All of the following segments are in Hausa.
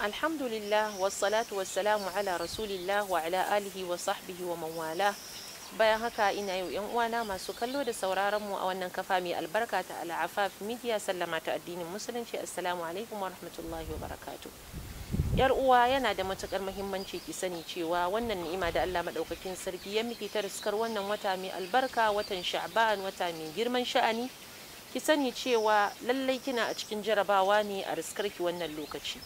alhamdulillah wassalatu wassalamu ala rasulillah wa ala alihi wa sahbihi wa mawala bayan haka ina yau yan uwana masu kallo da sauraron mu a wannan kafa mai albarka ta al'afaf media sallama ta addinin musulunci assalamu alaikum wa rahmatullahi yar uwa yana da matukar muhimmanci ki sani cewa wannan ni'ima da Allah madaukakin sarki ya miki ta riskar wannan wata mai albarka watan sha'ban wata mai girman sha'ani ki sani cewa lallai kina a cikin jarabawa ne a raskarki wannan lokaci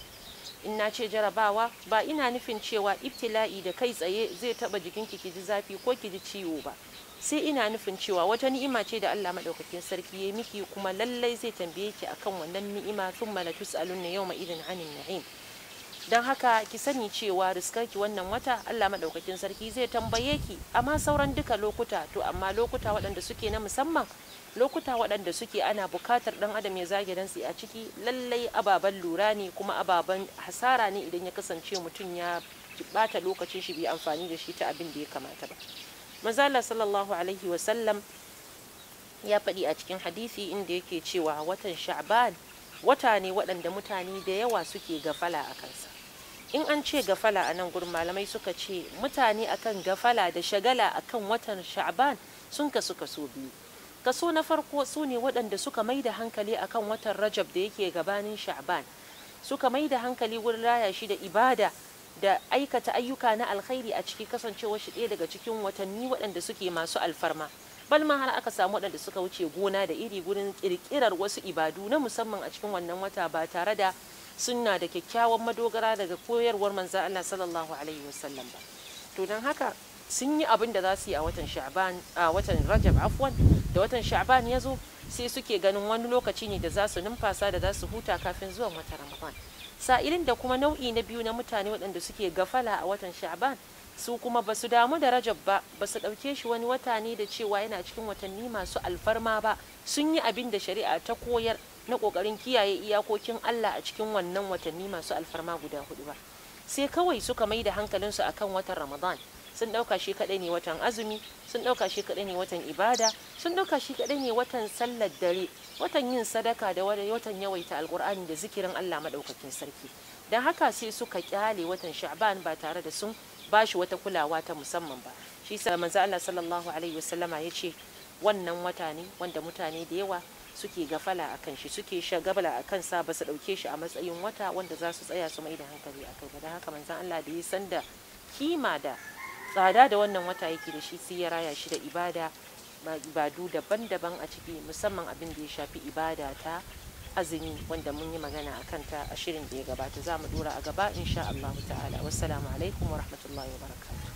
in na ce jarabawa ba ina nufin cewa ibtila'i da kai tsaye zai taba jikin ki ji zafi ko ki ji ciwo ba sai ina nufin cewa wata ni'ima ce da Allah madaukakin sarki ya miki kuma lallai zai tambaye ki akan wannan ni'ima thumma na yau ma idin anin na'im don haka ki sani cewa riskarki wannan wata Allah maɗaukakin sarki zai tambaye ki amma sauran duka lokuta to amma lokuta waɗanda suke na musamman lokuta waɗanda suke ana buƙatar ɗan adam ya zage a ciki lallai ababen lura ne kuma ababen hasara ne idan ya kasance mutum ya bata lokacin shi bai amfani da shi ta abin da ya kamata ba mazala sallallahu alaihi wasallam ya faɗi a cikin hadisi inda yake cewa watan sha'ban wata ne waɗanda mutane da yawa suke gafala a kansa in an ce gafala a nan gurin malamai suka ce mutane akan gafala da shagala akan watan sha'ban sun kasu kaso biyu kaso na farko su ne waɗanda suka mai da hankali akan watan rajab da yake gabanin sha'ban suka mai da hankali wurin raya shi da ibada da aikata ayyuka na alkhairi a ciki kasancewa shi ɗaya daga cikin watanni waɗanda suke masu alfarma balma har aka samu waɗanda suka wuce gona da iri gurin ƙirƙirar wasu ibadu na musamman a cikin wannan wata ba tare da sunna da kyakkyawan madogara daga koyarwar manzo Allah sallallahu alaihi wasallam ba to don haka sun yi abin da za su yi a watan sha'ban a watan rajab afwan da watan sha'ban ya zo sai suke ganin wani lokaci ne da za su numfasa da za su huta kafin zuwa watan ramadan sa'ilin da kuma nau'i na biyu na mutane waɗanda suke gafala a watan sha'ban su kuma ba su damu da rajab ba ba su ɗauke shi wani wata ne da cewa yana cikin watanni masu alfarma ba sun yi abin da shari'a ta koyar na kokarin kiyaye iyakokin Allah a cikin wannan watanni masu alfarma guda hudu ba sai kawai suka mai da hankalinsu akan watan Ramadan sun dauka shi kadai ne watan azumi sun dauka shi kadai ne watan ibada sun dauka shi kadai ne watan sallar dare watan yin sadaka da watan yawaita alkur'ani da zikirin Allah madaukakin sarki dan haka sai suka kyale watan sha'ban ba tare da sun bashi wata kulawa ta musamman ba shi sa manzo Allah sallallahu alaihi wasallama yace wannan wata ne wanda mutane da yawa suke gafala a kan shi suke shagabala a kansa ba su ɗauke shi a matsayin wata wanda za su tsaya su mai da hankali a kai da haka manzan Allah da ya san da kima da tsada da wannan wata yake da shi sai ya raya shi da ibada ibadu daban-daban a ciki musamman abin da ya shafi ibada ta azumi wanda mun yi magana a kanta a shirin da ya gabata za mu dora a gaba insha Allah ta'ala wassalamu alaikum wa rahmatullahi wa barakatuh